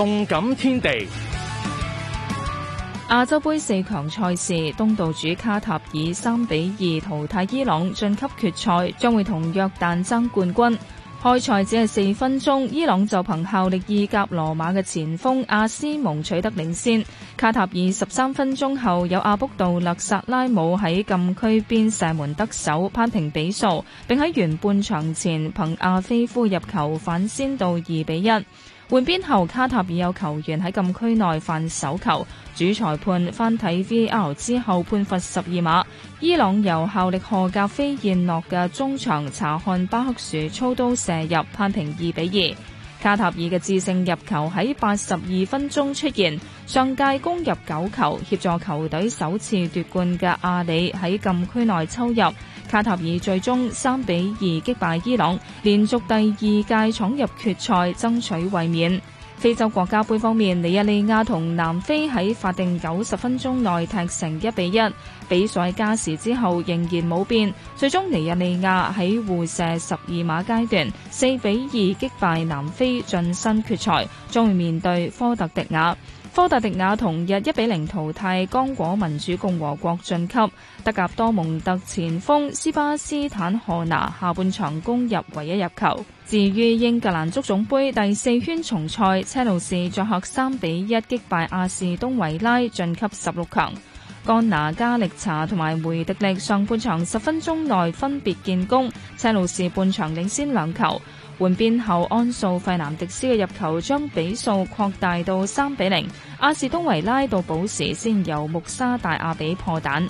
動感天地。亞洲盃四強賽事，東道主卡塔爾三比二淘汰伊朗晉級決賽，將會同約旦爭冠軍。開賽只係四分鐘，伊朗就憑效力意甲羅馬嘅前鋒阿斯蒙取得領先。卡塔爾十三分鐘後，有阿卜杜勒薩拉姆喺禁區邊射門得手，扳平比數，並喺完半場前憑阿菲夫入球反先到二比一。換邊後，卡塔爾有球員喺禁區內犯手球，主裁判翻睇 VAR 之後判罰十二碼。伊朗由效力荷甲飛燕諾嘅中場查漢巴克樹操刀射入攀平2 2，判平二比二。卡塔爾嘅致勝入球喺八十二分鐘出現，上屆攻入九球協助球隊首次奪冠嘅阿里喺禁區內抽入，卡塔爾最終三比二擊敗伊朗，連續第二屆闖入決賽爭取衛冕。非洲國家杯方面，尼日利亞同南非喺法定九十分鐘內踢成一比一，比賽加時之後仍然冇變，最終尼日利亞喺互射十二碼階段四比二擊敗南非，晉身決賽，將會面對科特迪瓦。科特迪瓦同日一比零淘汰剛果民主共和國晉級，德甲多蒙特前鋒斯巴斯坦漢拿下半場攻入唯一入球。至於英格蘭足總杯第四圈重賽，車路士作客三比一擊敗阿士東維拉晉級十六強，干拿加力查同埋梅迪力上半場十分鐘內分別建功，車路士半場領先兩球。換邊後，安素費南迪斯嘅入球將比數擴大到三比零。阿士東維拉到補時先由穆沙大亞比破蛋。